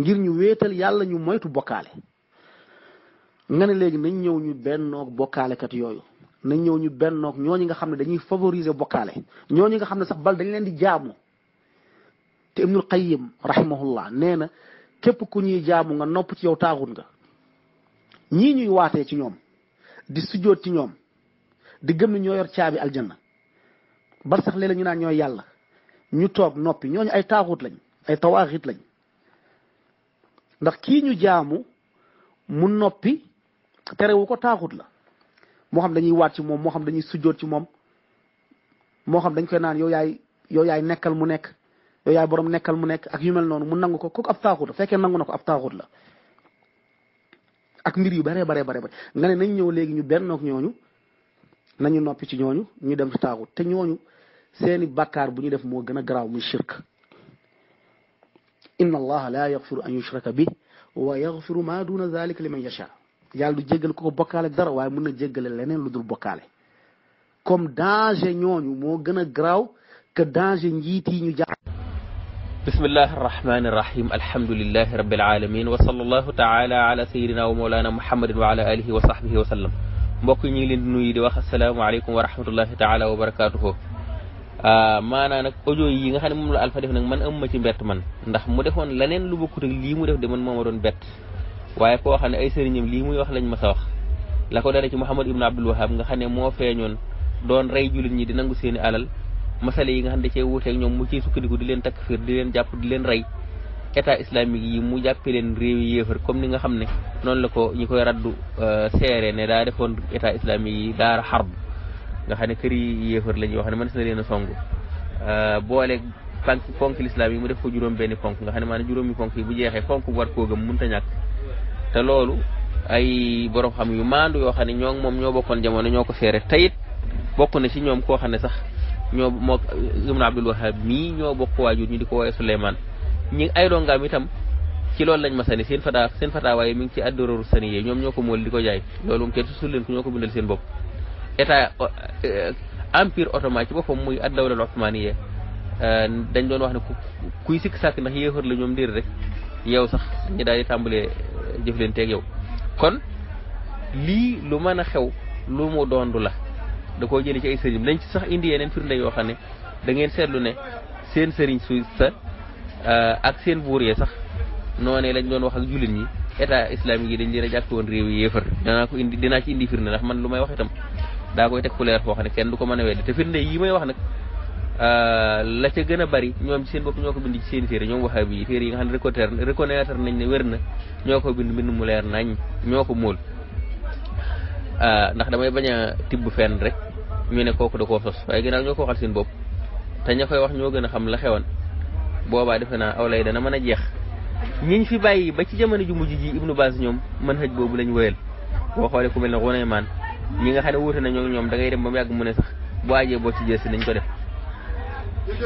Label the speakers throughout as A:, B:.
A: ngir ñu wéetal yàlla ñu moytu bokkaale nga ne léegi nañ ñëw ñu bennoog bokkaalekat yooyu na ñëw ñu bennoog ñooñu nga xam ne dañuy favoriser bokkaale ñooñu nga xam ne sax bal dañ leen di jaamu te ibnul qayyim rahimahullah nee na képp ku ñuy jaamu nga nopp ci yow taaxut nga ñii ñuy waatee ci ñoom di sujjóot ci ñoom di gëm ne ñoo yor caabi aljanna bar sax léeg-léeg ñu naan ñooy yàlla ñu toog noppi ñooñu ay taaxut lañ ay tawaaxit lañ ndax kii ñu jaamu mu noppi terewu ko taaxut la moo xam dañuy waat ci moom moo xam dañuy sujjoot ci moom moo xam dañ koy naan yow yaay yow yaay nekkal mu nekk yow yaay borom nekkal mu nekk ak yu mel noonu mu nangu ko ko ab taaxut la fekkee nangu na ko ab taaxut la ak mbir yu bare bare bare nga ne nañ ñëw léegi ñu bennook ñooñu nañu noppi ci ñooñu ñu dem ci taaxut te ñooñu seeni bakkaar bu ñu def moo gën a garaaw muy shirk إن الله لا يغفر أن يشرك به ويغفر ما دون ذلك لمن يشاء يالو جيغل كوكو بوكال دار واي مونا جيغل لنين لودول بوكال كوم دانج نيون مو غنا غراو ك دانج نجيتي ني
B: بسم الله الرحمن الرحيم الحمد لله رب العالمين وصلى الله تعالى على سيدنا ومولانا محمد وعلى اله وصحبه وسلم مبوك ني لين نوي دي السلام عليكم ورحمه الله تعالى وبركاته Ah, maanaam nag audio yi nga xam ne moom la Alpha def nag man am ma ci mbett man ndax mu defoon leneen lu bokkut ak lii mu def de man moo ma doon bet waaye koo xam ne ay sëriñam lii muy wax lañ ma sa wax la ko dara ci Muhammad Ibn Abdul Wahab nga xam ne moo feeñoon doon rey jullit ñi di nangu seeni alal masale yi nga xam ne da cee wuuteeg ñoom mu ciy sukkandiku di leen takfir di leen jàpp leen rey état islamique yi mu jàppee leen réew yi comme ni nga xam ne noonu la ko ñi koy raddu euh, seere ne daa defoon état islamique yi daara xarb nga xam ne kër yi yéefar lañ yoo xam ne mënees na leen a song euh, boole ponk ponk lislaam yi mu def ko juróom benni ponk nga xam ne maanaam juróomi ponk yi bu jeexee ponk bu war koo gëm mënta ñàkk te loolu ay borom xam yu maandu yoo xam ne ñoo moom ñoo bokkoon jamono ñoo ko seere tayit bokk ci ñoom koo xam ne sax ñoo moo ibnu abdul wahab ñoo bokk waajur ñu di ko woowee suleymaan ñi ay dongaam itam ci loolu lañ masani seen seen fataawaay mi ngi ci addorooru sani yee ñoom ñoo ko mool di ko jaay loolu moom kenn su leen ñoo ko bindal seen bopp état euh, empire ottoman ci boppam muy addawla al ottomaniya euh, dañ doon wax ne kuy sikk sàkk ndax yéefar la ñoom déedéet rek yow sax ñi daal di tàmbalee euh, jëflanteeg yow kon lii lu mën a xew lu mu doondu la da koo jëlee ci ay sëriñ sax indi yeneen firnde yoo xam ne da ngeen ne seen sëriñ su sa ak seen buur yee sax noonee lañ doon wax ak ñi état islamique yi dañ leen a jàppe woon réew yi danaa ko indi dinaa ci indi firnde ndax man lu may wax itam daa koy teg couleur foo xam ne kenn du ko mën a weddi te firnde yi may wax nag euh, la ca gën a bari ñoom ci seen bopp ñoo ko bind ci seen téere ñoom waxee bi téere yi nga xam ne reconnaître reconnaître nañ ne wér na ñoo ko bind mu leer nañ ñoo ko móol euh, ndax damay bañ a tibb fenn rek ñu ne kooku da koo sos waaye ginnaaw ñoo ko waxal seen bopp te koy wax ñoo gën a xam la xewoon boobaa defe naa aw lay dana mën a jeex ñiñ fi bàyyi ba ci jamono ju mujj ji ibnu baas ñoom man xëj boobu lañ wéyal boo xoolee ku mel ne Gunaymaan ñi nga xam ne wuute nañoo ñoom dangay dem ba mu yàgg ne sax bu waajee boo ci jël si nañ ko def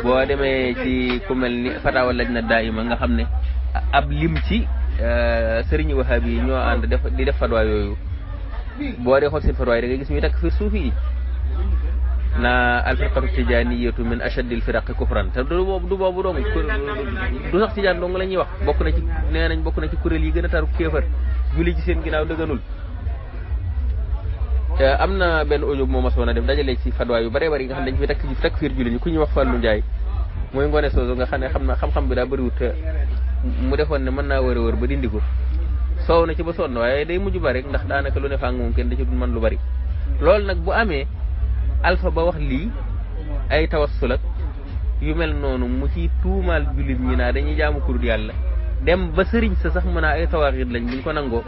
B: boo demee ci ku mel ni fatawa laj na daayima nga xam ne ab lim ci euh, sëriñu wahaabi yi ñoo ànd def di def fatwa yooyu boo dee xool seen fatwa yi da ngay gis ñuy takk fiir suufi yi na alfirqatu tijaniyatu min ashaddi alfiraqi kufran te du boobu du boobu dong du sax tijaan dong la ñuy wax bokk na ci nee nañ bokk na ci kuréel yi gën a taru kéefër julli seen ginaaw dëgganul Euh, am na benn audio moo mosoon a def dajale ci fatwa yu bare bari yi nga xam ne dañ fi takk fiir julli ñi ku ñuy wax lu Ndiaye mooy ngoone soosu nga xam ne xam na xam-xam bi daa bëriwut euh, mu defoon ne mën naa wër a wër ba dindi ko soow na ci ba sonn waaye day mujj bari rek ndax daanaka lu ne fàng moom kenn da ci du man lu bari loolu nag bu amee alpha ba wax lii ay tawassul ak yu mel noonu mu ci tuumaal jullit ñi naa dañuy jaamu kurut yàlla dem ba sëriñ sa sax mën a ay tawaaxit lañ buñ ko nangoo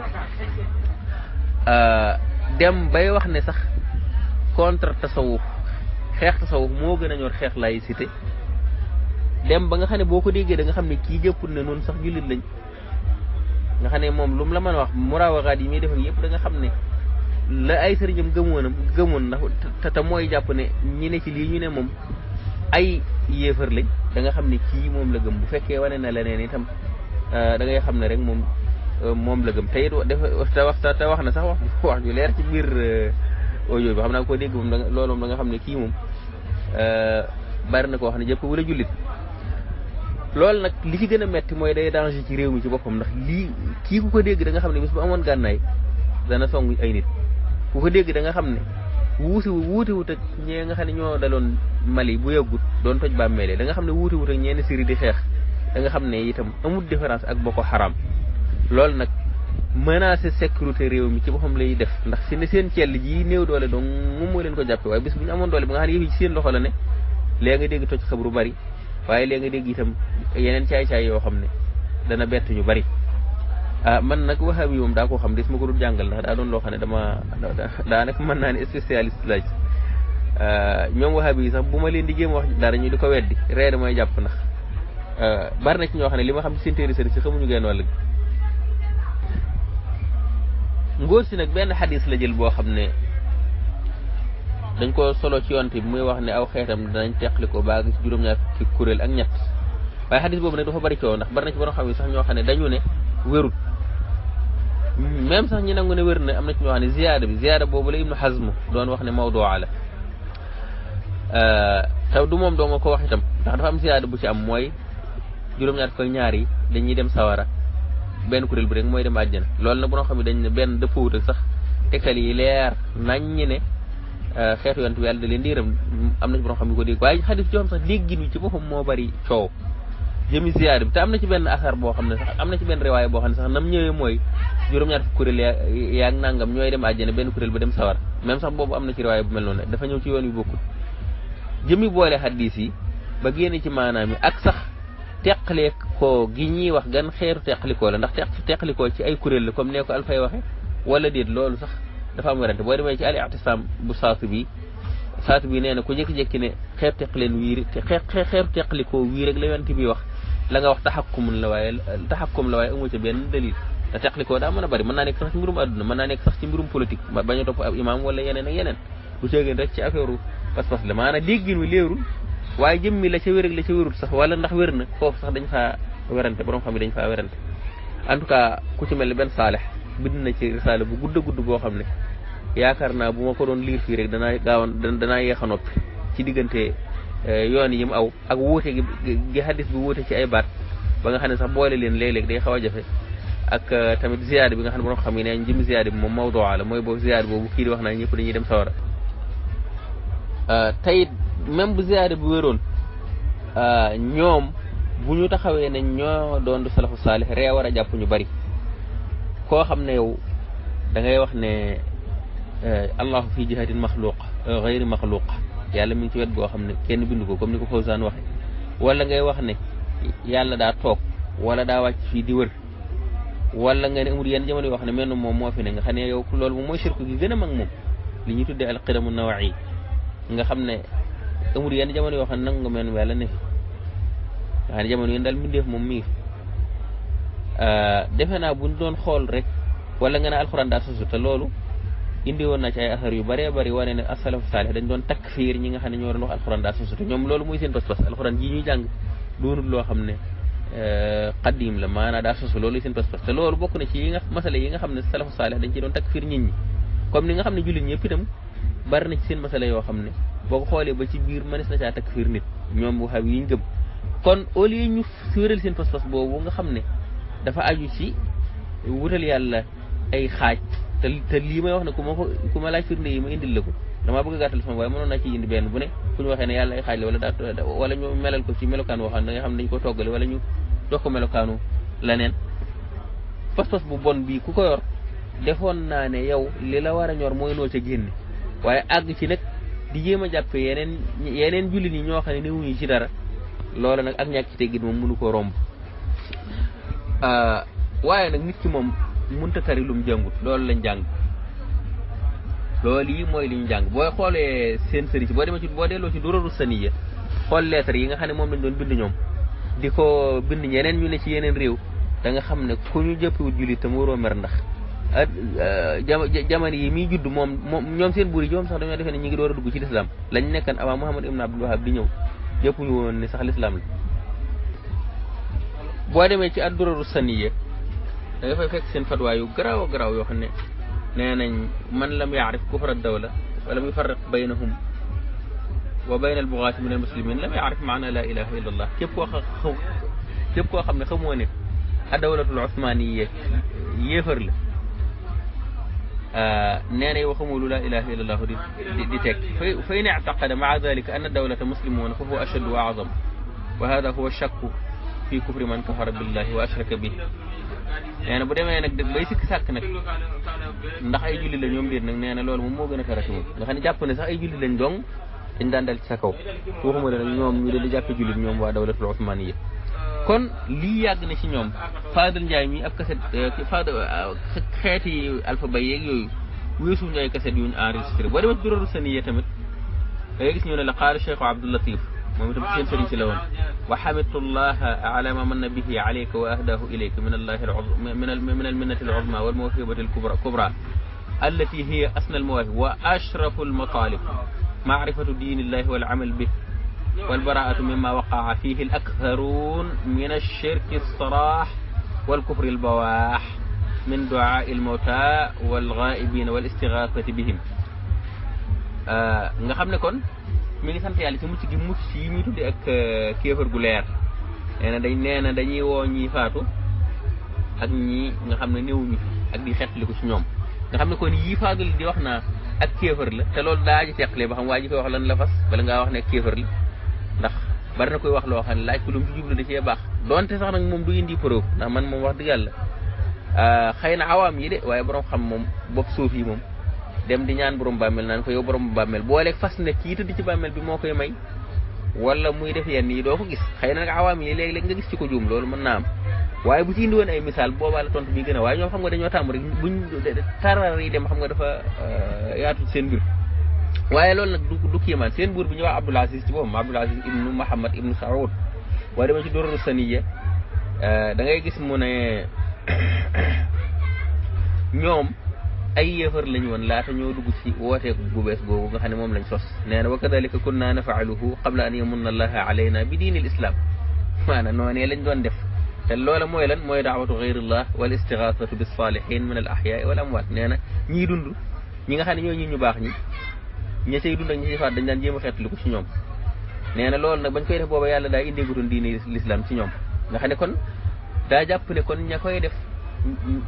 B: euh, dem bay wax ne sax contre tasawuf xeex tasawuf moo gën a ñor xeex laïcité dem ba nga xam ne boo ko déggee da nga xam ne kii jëppul ne noonu sax jullit lañ nga xam ne moom lu la mën a wax muraawaxaat yi muy def ak yëpp xam ne la ay sëriñam gëmoonam gëmoon ndax te te mooy jàpp ne ñi ne ci lii ñu ne moom ay yéefar lañ da nga xam ne kii moom la gëm bu fekkee wane na leneen itam euh, da ngay xam ne rek moom Euh, moom la gëm te it te wax te wax na sax wax wax ju leer ci biir euh, audio bi xam naa ko dégg moom da loolu moom da nga xam ne kii moom euh, bari na ko wax ne jëpp wala jullit loolu nag li ci gën a metti mooy day danger ci réew mi ci boppam ndax lii kii ku ko dégg da nga xam ne bis bu amoon gànnaay dana song ay nit ku ko dégg da nga xam ne wuuti
A: wuutiwut
B: ak ñee nga xam ne ñoo daloon Mali bu yàggut doon toj bàmmeele da xam ne wuutiwut ak ñeeni siri di xeex da nga xam ne itam amul différence ak Boko Haram loolu nag menacer sécurité réew mi ci boppam lay def ndax si ne seen cell ji néew doole donc moom mooy leen ko jàpp waaye bis bi nga xam ne yëf yi ci seen la ne léegi nga dégg toj xabru bari waaye léegi nga dégg itam yeneen caay-caay yoo xam ne dana bett ñu bari ah man nag waxaab yi moom daa koo xam des ma ko dul jàngal ndax loo xam ne dama daanaka mën naa ne spécialiste laaj yi ah, sax bu ma leen di jéem wax dara ñu di ko weddi reer mooy jàpp ndax ah, bari na ci ñoo xam ne li ma xam ci seen téere seen si xamuñu genn wàll gi ngóor si nag benn xadis la jël boo xam ne dañ ko solo ci yonte bi muy wax ne aw xeetam danañ teqli ko baa ci juróom-ñaar kuréel ak ñett waaye xadis boobu nag dafa bari coow ndax bari na ci borom xam yi sax ñoo xam ne dañu ne wérut même sax ñi nangu ne wér na am na ci ñoo xam ne ziyaada bi ziyaada boobu la ibnu Hazm doon wax ne mawdu'a la te du moom doo nga ko wax itam ndax dafa am ziyaada bu ci am mooy juróom-ñaar ko ñaar yi dañuy dem sawara benn kuréel bu rek mooy dem àjjana loolu na bu xam ne dañ ne benn dëppoowut ak sax tegtal yi leer naññ ne euh, xeetu yonent bi da leen di yërëm am na ci borom xam ne ko dégg waaye xadis joo xam sax déggin wi ci boppam moo bari coow jëmi ziyaar am na ci benn asar boo xam ne am na ci benn riwaay boo xam ne sax nam ñëwee mooy juróom-ñaar fukki kuréel nangam ñooy dem àjjana benn kuréel ba dem sawar même sax boobu am na ci riwaay bu mel noonu dafa ci yoon yu bokkul boole xadis yi ba génn ci maanaam yi ak sax teqale koo gi ñuy wax gan xeeru teqalikoo la ndax teqalikoo ci ay kuréel la comme nee ko alfay waxe wala déet loolu sax dafa am werante boo demee ci al ictisam bu saatu bi saatu bi nee na ku jékki-jékki ne xeer teqaleen wiiri xeeru teqalikoo wii rek la yonent bi wax la nga wax taxakkum la waaye taxakkum la waaye amu ca benn dalil te teqalikoo daa mën a bëri mën naa nekk sax ci mbirum adduna mën naa nekk sax ci mbirum politique bañ a topp imaam wala yeneen ak yeneen bu teegeen rek ci affaire u pas-pas la maanaam déggin wi léerul waaye jëmmi la ca wér ak la ca wérut sax wala ndax wér na foofu sax dañ faa werante borom xam yi dañ faa werante en tout cas ku ci mel ni benn saalex bind na ci risaale bu gudd a boo xam ne yaakaar bu ma ko doon liir fii rek danaa gaawan danaa yeex a noppi ci diggante eh, yoon yi mu aw ak wuute gi gi xadis wuute ci ay baat ba nga xam ne sax boole leen léeg day xaw a jafe ak eh, tamit ziyaada bi nga xam ne borom xam yi ne jëm ziyaada bi moom mawduu la mooy boobu ziyaada boobu kii di wax naa ñëpp dañuy dem sawara eh, tayit même bu ziyaare bu wéroon euh, ñoom bu ñu taxawee ne ñoo doon du salafu saalih ree war a jàpp ñu bari koo xam ne yow da ngay wax ne euh, allahu fi jihaadin maxluq xayri maxluq yàlla mi ngi ci wet xam ne kenn bindu ko comme ni ko Fawzaan waxe wala ngay wax ne yàlla daa toog wala daa wàcc fii di wër wala nga ne amul yenn jamono yoo xam ne mel na moom moo fi nga xam ne yow loolu moom mooy shirku gi gën a mag moom li ñuy tuddee alqiramu nawa'i nga xam ne te mu yenn jamono yoo xam ne nangu eh, nga mel wala ne fi nga xam ne jamono yi daal moom mii ngi defe naa buñ doon xool rek wala nga ne alxuraan daa loolu indi woon na ci ay asar yu bëree bëri wane ne asalafu saalih xam ne ñoo doon wax alxuraan daa sosu te loolu muy seen pas-pas ne xadim loolu te loolu bokk na ci yi nga masala xam ne salafu saalih dañ ciy doon takfiir nit ñi comme ni nga xam ne jullit ñëpp itam bari na ci seen masala yoo xam ne boo ko xoolee ba ci biir mënees na caa takk fiir nit ñoom waxaw yi ñu kon au lieu ñu suural seen pas-pas boobu nga xam ne dafa aju ci wutal yàlla ay xaaj te te lii may wax ne ku ma ko ku ma laaj firnde yi ma indil la ko damaa bëgg a gàttal sama waaye mënoon naa ci benn bu ne fu waxee ne yàlla ay xaaj la wala daa wala ñu melal ko ci melokaan boo xam ne da nga xam wala ñu jox ko leneen pas bu bon bii ku ko yor defoon naa ne yow li la war a ñor mooy noo ca génne waaye àgg ci nag di jéem japp yenen yenen julli ni ñoo xane ne newuñu ci dara loolu nak ak ñak ci teggit mom mënu ko romb ah, waye nak nit ci mom munta tari lum jangut loolu lañ jang loolu yi moy liñ jang boy xolé seen seri ci bo dem ci bo delo ci duraru saniya xol lettre yi nga xane mom lañ doon bind ñom diko bind ñeneen ñu ne ci yenen rew da nga xamne ku ñu jëppu julli te mu waroo mer ndax jamono yi mi judd mom ñom seen buri yi sax dañu defé ni ñi ngi doora dugg ci l'islam lañ nekkan avant Muhammad ibn Abdul Wahab di ñëw yëpp ñu won ni sax l'islam la bo démé ci ad-durar adduraru saniyya da nga fay fekk seen fatwa yu graw graw yo xamné nenañ man lam ya'rif kufra ad dawla wala mu farriq baynahum wa bayna al bugaati min al muslimin lam ya'rif ma'na la ilaha illa allah kep ko xam kep ko xamné xamone ad-dawlatul adawlatul usmaniya la nee na waxamulu laa ilaha illa allahu di di teg fa in ictaqada maa dalika anna dawlata muslimuna fa huwa ashaddu wa azam wa hada huwa shakku fi kufri man kafara billahi wa ashraka bi nee na bu demee nag bay sikk sàkk nag ndax ay julli la ñoom biir nag nee na loolu moom moo gën a tarati moom nga xam ne jàpp ne sax ay julli lañ dong dañ daan dal ci sa kaw waxuma la nag ñoom ñu leen di jàppe jullit ñoom waa dawlatul osmaniya kon li yàgg na ci ñoom Fadal Ndiaye mi ab kaset Fadal xeeti alpha bay yeeg yooyu weesuñ cassette yu ñu enregistré boo demee durooru sani yee tamit da gis ñu ne la qaala cheikh Abdou Latif moom itam seen sëriñ si la woon wa xamidtullaha ala ma manna bihi alayka wa ahdahu ilayka min allahi min al minnati al aluzma wal mawhibati kubra allati hiya asna al almawahib wa ashrafu almatalib maarifatu diin illahi wal amal bih والبراءة مما وقع فيه الأكثرون من الشرك الصراح والكفر البواح من دعاء الموتى والغائبين والاستغاثة بهم nga xam ne kon mi ngi sant yàlla ci mucc gi mucc yi muy tudde ak kéefar gu leer nee na dañ nee na dañuy woo ñi faatu ak ñi nga xam ne néewuñu fi ak di xeetliku ci ñoom nga xam ne kon yii faatu di wax naa ak kéefar la te loolu daa ji teqlee ba xam waa ji ko wax lan la fas bala ngaa wax ne kéefar la ndax bari na koy wax loo xam ne laaj ko lu mu jublu da cee baax donte sax nag moom du indi preuve ndax man moom wax dëgg yàlla ah, xëy na awaam yi de waaye borom xam moom bopp suuf yi moom dem di ñaan borom bàmmeel naan ko yow borom bàmmeel booleeg fas ne kii tëdd ci bàmmeel bi moo koy may wala muy def yen yi doo ko gis xëy na nag yi léeg-léeg nga gis ci ko juum loolu mën naa am waaye bu ci indi woon ay misaal boobaa la tontu bi gën a waaye ñoom xam nga dañoo tàmm rek buñ tarar yi dem xam nga dafa ah, yaatu seen mbir waye lol nak du du kéemaan seen buur bi ñu wax Abdul Aziz ci boppam Abdul Aziz ibn Muhammad ibn Saoud waaye dama ci dororu saniya da ngay gis mu ne ñom ay lañ won la ta ñoo dugg ci wote gu bes gogu nga xam mom lañ sos neena wa kadhalika kunna naf'aluhu qabla an yamunna allah alayna bi din alislam mana noné lañ doon def te loola moy lan moy da'watu ghayr allah wal istigaasatu bis salihin min al ahyaai wal amwat neena ñi ñii dund ñi nga xam ñoo ñi ñu bax ñi ña cay dund ak ña cay faat dañ daan jéem a xeetlu ko ci ñoom nee na loolu nag bañ koy def booba yàlla daa indéegutoon diine l'islam ci ñoom nga xam ne kon daa jàpp ne kon ña koy def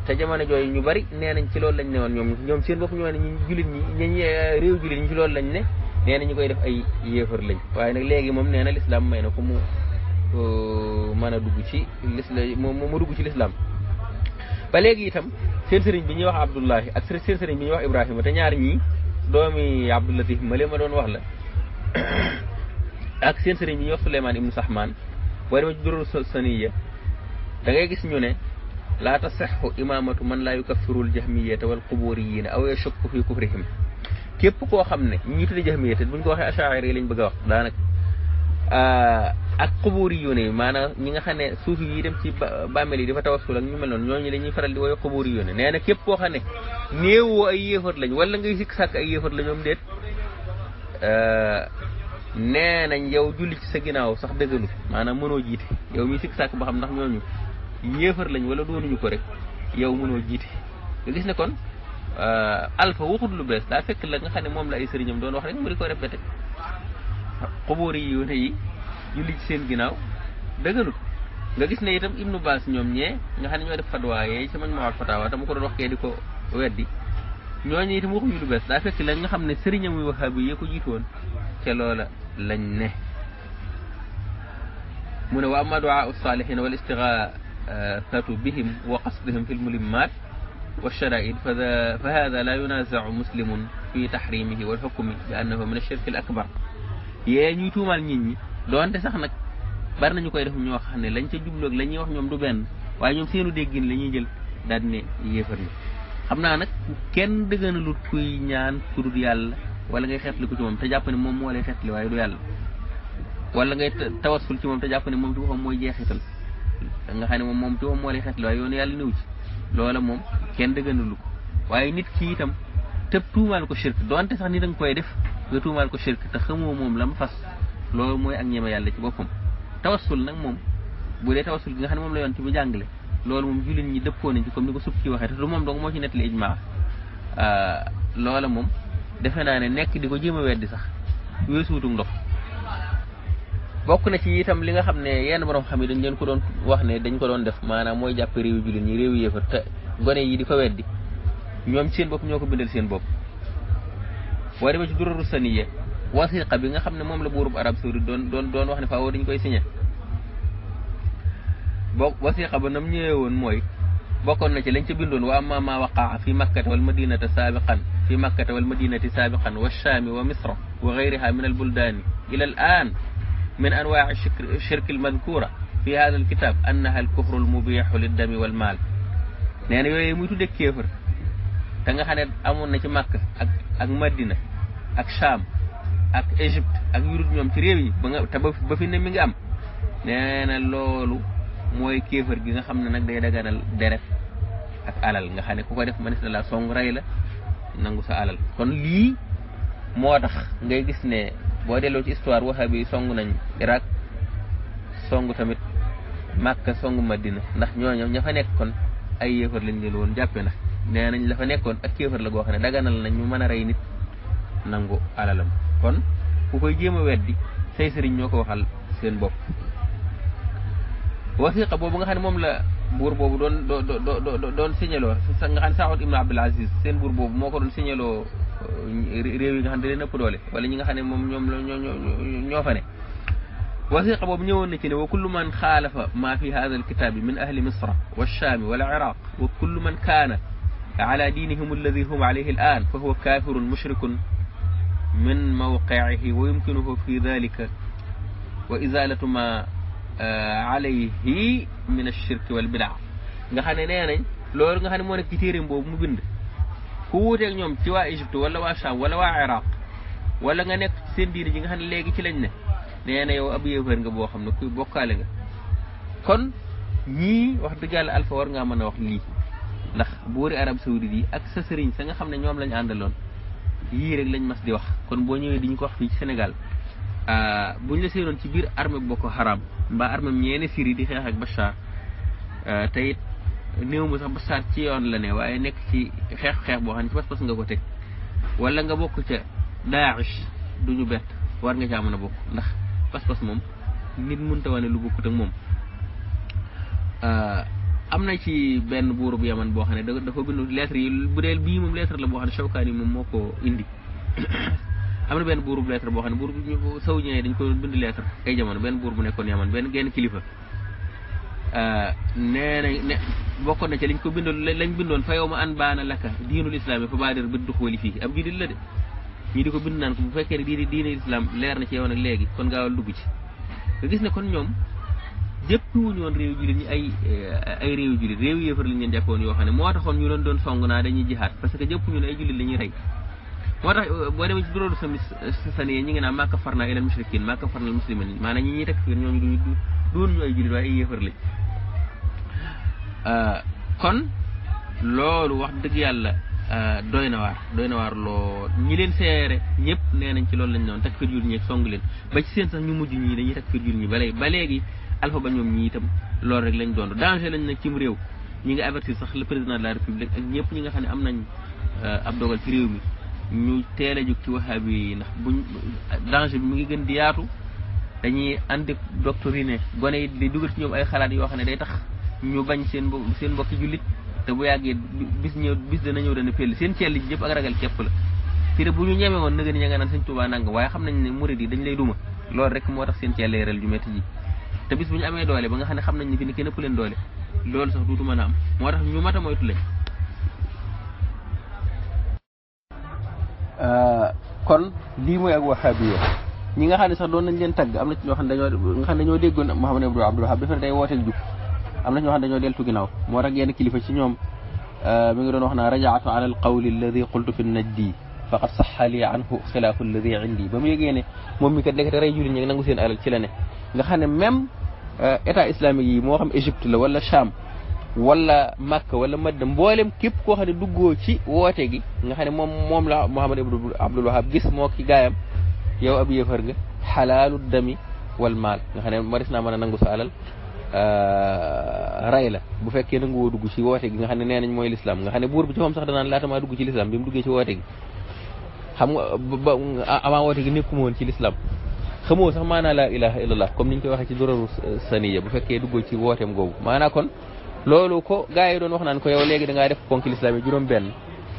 B: te jamono jooyu ñu bari nee nañ ci loolu lañ ne woon ñoom ñoom seen bopp ñoo ne ñu jullit ñi ñi eh, réew jullit ñi ci loolu lañ ne nee na ñu koy def ay yéefar lañ waaye nag léegi moom nee na l'islam may na ko mu euh, mën a dugg ci l'islam mu dugg ci l'islam ba léegi itam seen sëriñ bi ñuy wax Abdullahi ak seen sëriñ bi ñuy wax Ibrahima te ñaar ñii doomi Abdoulatif ma leen ma doon wax la ak seen sëriñ bi ñuy wax Souleymane ibnu Sahman boo demee ci durul saniya da gis ñu ne laa tasixu imaamatu man laa yukaffirul jahmiyata wal quburiyina aw yashukku fi kufrihim képp koo xam ne ñi tudde jahmiyata buñ ko waxee achaari yi lañ bëgg wax daanaka ak xubóor yi yóne maanaam ñi nga xam ne suuf yi dem ci bàmmeel yi dafa tawasul ak ñu mel noonu ñooñu la ñuy faral di wooye xubóor yi yóne nee na képp koo xam ne néewoo ay yéefar lañ wala ngay sikk sàkk ay yéefar la ñoom déet euh, nee yow julli ci sa ginnaaw sax dëggalu maanaam mënoo jiite yow mi sikk sàkk ba xam ndax ñooñu yéefar lañ wala doonuñu ko rek yow mënoo jiite nga gis ne kon euh, alpha waxut lu bees daa fekk la nga xam ne moom la ay sëriñam doon wax rek mu di ko répété xubóor yi yi julli ci seen ginnaaw nga gis ne itam ibnu bas ñom ñe nga xam ñoo def fatwa ye ci man mawal fatawa te mu ko doon wax ke diko weddi ñoo ñi itam waxuñu lu bes da fekk la nga xamne serigne muy waxaabi yi ko jittoon ci loola lañ ne mune wa amadu duaa salihin saalihin wal istigaathatu bihim wa qasdihim fil wa sharaid fa la yunaza'u muslimun fi tahrimihi wal hukmi bi annahu min ash-shirk al akbar ye ñuy tumal nit ñi doonte sax nag bari nañu koy def ñoo xam ne lañ ca jubloog la ñuy wax ñoom du benn waaye ñoom seenu déggin la ñuy jël daal ne yéefar xam naa nag kenn dëgganalut kuy ñaan ku dul yàlla wala ngay xeetli ko ci te jàpp ne moom moo lay xeetli waaye du yàlla wala ngay tawasul ci moom te jàpp ne moom ci boppam mooy jeexital nga xam ne moom moom ci moo lay xeetli waaye yoonu yàlla néew ci moom kenn dëgganalu ko waaye nit ki itam tëb tuumaal ko shirk donte sax ni da nga koy def nga tuumaal ko shirk te xamoo moom la mu fas loolu mooy ak ñeme yàlla ci boppam tawassul nag moom bu dee tawassul gi nga xam ne moom la yoon ci bu jàngale loolu moom jullit ñi dëppoo nañ ci comme ni ko sub ci waxee te du moom moo ci nettali euh, loola moom defe naa ne nekk di ko jéem a weddi sax weesuutu ndox bokk na ci itam li nga xam ne yenn borom xam yi dañ leen ko doon wax ne dañ ko doon def maanaam mooy jàpp réewu jullit ñi réew yéefar te gone yi di ko weddi ñoom seen bopp ñoo ko bindal seen bopp boo demee ci duraru saniye wasiqa bi nga xam ne moom la buurub arab saudi doon doon doon wax ne faaw dañ koy signé boo wasiqa ba nam ñëwee woon mooy bokkoon na ci lañ ca bindoon wa amma ma waqaa fi makkata wal madinata saabiqan fi makkata wal madinati saabiqan wa shaami wa misra wa gayriha min al buldaani ila al aan min anwaaci shirki almadkura fi hada alkitab annaha alkufru almubiixu liddami walmaal nee na yooyu muy tudde kéefër te nga xam ne amoon na ci màkk ak ak madina ak shaam ak Égypte ak yu ñoom ci réew yi ba nga ba fi ne mi ngi am nee loolu mooy kéefar gi nga xam ne nag day daganal deret ak alal nga xam ne ku ko def manis na song rey la nangu sa alal kon lii moo tax ngay gis ne boo delloo ci histoire wahabi song nañ Irak song tamit Makka song Madina ndax ñooñu ña fa nekk ay yéefar lañ leen woon jàppe ndax nee nañ la nekkoon ak kéefar la goo xam ne daganal nañ ñu mën a rey nit nangu alalam kon ku koy jema weddi say serigne ñoko waxal seen bop wasiqa bobu nga xam mom la bur bobu don do do doon signaloo nga xam ne Saaxoot Ibn Abdul Aziz seen bur bobu moko don signalo rew yi nga xam dalena da leen wala ñi nga xam mom ñom la ño ñoo fa ne wasiqa bobu ñewon na ci ne wa kullu man khalafa ma fi hadha alkitab min ahli misra wa alchaami wal iraq wa kullu man kana على دينهم الذي هم عليه الآن فهو كافر مشرك min mawqiihi wa yumkinuhu fi dalika wa izalatu eh, wal bidaa nga xam ne nee loolu nga xam ne moo nekk ci mu bind ku wuuteeg ñoom ci waa Égypte wala waa Cham wala waa wala nga nekk seen diine ji nga xam ne léegi ci lañ ne nee yow ab yéefar nga boo xam ne kuy bokkaale kon ñii wax dëgg yàlla alfa ngaa mën a wax lii ndax buuri arab saoudite yi ak sa sëriñ sa nga xam ne ñoom lañ àndaloon yii rek lañ mas di wax kon boo ñëwee di ñu ko wax fii ci senegal ah, bu ñu la seenoon ci biir armée Boko Haram mbaa armée ñeene Syrie di xeex ak Bachar ah, te néew mu sax Bachar ci yoon la ne waaye nekk ci xeex xeex boo xam ne ci pas-pas nga ko teg walla nga bokk ca Daesh du ñu bett war nga caa bokk ndax pas-pas moom nit mënta wane lu bokkut ak moom. Ah, am na ci benn buur bu yaman boo xam ne da ko bind lettre yi bu dee bii moom lettre la boo xam ne Shawkaani moom moo ko indi am na benn buur bu lettre boo xam ne buur bu ñu saw ñëwee dañ ko bind lettre ay jamono benn buur bu nekkoon yaman benn genn kilifa nee na ne bokkoon na ca liñ ko bindoon lañ bindoon fa yow ma an baana lakka diinul islam yi fa baadir bi duxwali fii ab gidil la de ñii di ko bind naan ko bu fekkee ne diine diine islam leer na ci yow nag léegi kon gaawal dugg ci nga gis ne kon ñoom jëppiwuñu woon réew jullit ay eh, ay réew jullit réew yéefar yoo xam ne moo taxoon ñu doon doon song naa dañuy jihaat parce que jëppuñu ne ay jullit la ñuy rey moo tax eh, boo demee ñi ngi naan màkka farna ilal mushrikin màkka farna muslimin maanaam ñi ñuy teg fiir ñoom duñu doon ñu ay jullit ay yéefar lañ ah, wax dëgg yàlla ah, doy na waar doy na waar lool ñi leen seere ñëpp nee nañ ci loolu lañ doon takfir jul ñi ak song leen ba ci seen sax ñu mujj ñi dañuy takfir jul ñi ba ba léegi alpha ba ñoom ñi itam loolu rek lañ doon danger lañ nag cim réew ñi nga avertir sax le président la république ñëpp ñi nga xam ne am nañ euh, ab dogal ci réew mi ñu teel a jóg ci wahhabi yi ndax buñ danger bi mu ngi gën di yaatu dañuy andi doctrine gone yi di ay xalaat yoo xam ne day tax ñu bañ seen seen mbokki jullit te bu yàggee bis ñëw bis dana la te bu ñu ñeme woon nëgën ña nga naan sëñ yi dañ rek moo tax seen cell leeral ju métti ji te bis bu ñu amee doole ba nga xam ne xam nañ ni que ni kenn ëpp doole loolu sax duutu mën am moo tax ñu mat a moytu lañ. Euh, kon lii mooy ak waxaabiya ñi nga xam ne sax doon nañ leen tagg am na ci ñoo xam ne dañoo nga xam ne dañoo déggoon Muhammad Abdul na ñoo xam ne dañoo deltu moo tax yenn kilifa ci ñoom euh, mi ngi doon wax naa rajaatu ala al qawli alladi qultu fi najdi faqad saxa li anhu xilaafu alladi indi ba mu yëgee moom mi kat dekate rey jullit ñi nangu ci la ne nga xam ne Euh, état islamique yi moo xam Égypte la wala sham wala Makka wala Madina mboolem képp koo xam ne duggoo ci woote gi nga xam ne moom moom la Muhammad ibn Abdul Wahab gis moo ki gaayam yow ab yëfar nga xalaalu dami wal maal nga xam ne maris naa mën a nangu sa alal euh, ray la bu fekkee nangu woo dugg ci woote gi nga xam ne nee nañ mooy lislaam nga xam ne buur bi ci moom sax danaan laata maa dugg ci lislaam bi mu ci woote gi xam nga ba avant woote gi nekkuma woon ci lislaam xamoo sax maanaa laa ilaha illallah comme ni ñu koy waxee ci duraru euh, saniya bu fekkee duggoo ci wooteem googu maanaa kon loolu ko gars yi doon wax naan ko yow léegi da ngaa def ponk lislaam yi juróom benn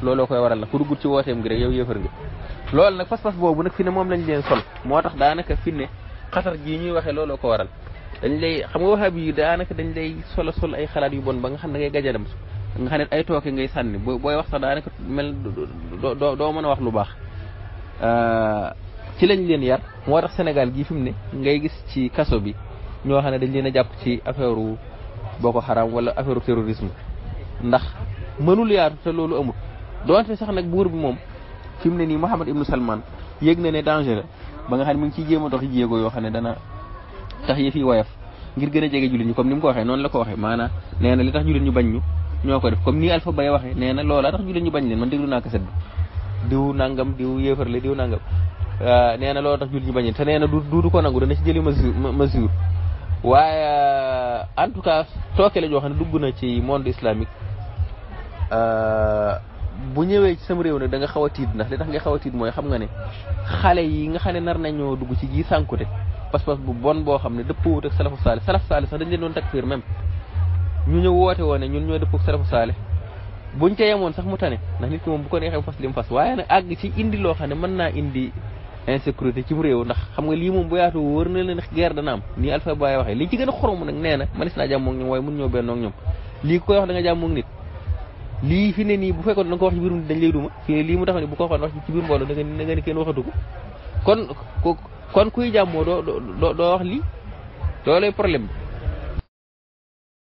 B: looloo koy waral nag ku duggut ci wooteem gi rek yow yëfër nga loolu ne moom lañ leen sol moo tax daanaka fi ne xatar jii ñuy waxee looloo ko waral dañ lay xam nga waxaab yi daanaka dañ lay sol sol ay xalaat yu bon ba nga xam ne ngay gajalam nga xam ne ay tooke ngay sànni booy wax sax daanaka mel doo doo mën a wax lu baax euh, ci lañ leen yar moo tax Sénégal gii fi mu ne ngay gis ci kaso bi ñoo xam ne dañ leen a jàpp ci affaire Boko Haram wala affaire terrorisme ndax mënul yaatu te loolu amul doonte sax nag buur bi moom fi mu ne nii Mohammed Ibn Salman yëg na ne danger la ba nga xam ne mu ngi ciy jéem a dox yoo xam ne dana tax yëf yi ngir gën a jege jullit ñi comme ni mu ko waxee noonu la ko waxee maanaam nee na li tax jullit ñu bañ ñu ñoo ko def comme nii Alpha Baye waxee nee na loola tax jullit ñu bañ leen man déglu naa kaset bi diw nangam diw yéefar la diw nangam Euh, nee na loolu tax jullit ñi bañin te nee na du du ko nangu dana ci jëli mesure mesure waaye euh, en tout cas tooke la joo ne dugg na ci monde islamique euh, bu ñëwee ci sam réew nag da nga xaw a tiit ndax li tax nga xaw a tiit mooy xam nga ne xale yi nga xam ne nar nañoo dugg ci gii sànkute pas-pas bu bon boo xam ne dëpp wut ak salafu saale salafu saale sax dañ leen doon takfir même ñu ñëw woote woon ne ñun ñoo dëppoo ak salafu saale buñ ca yemoon sax mu tane ndax nit ki moom bu ko neexee fas li mu fas àgg ci indi loo xam ne mën naa indi insécurité ci mu réew ndax xam nga lii moom bu yaatu wóor na leen guerre dana am nii Alpha Baye waxee liñ ci gën a xorom nag na manis ñoom waaye mun ñoo bennoog ñoom lii ku wax da nga nit lii fi nii bu fekkoon da nga ko wax ci biir nit dañ ni kenn waxatu kon kuy jàmmoo doo doo wax lii loolay problème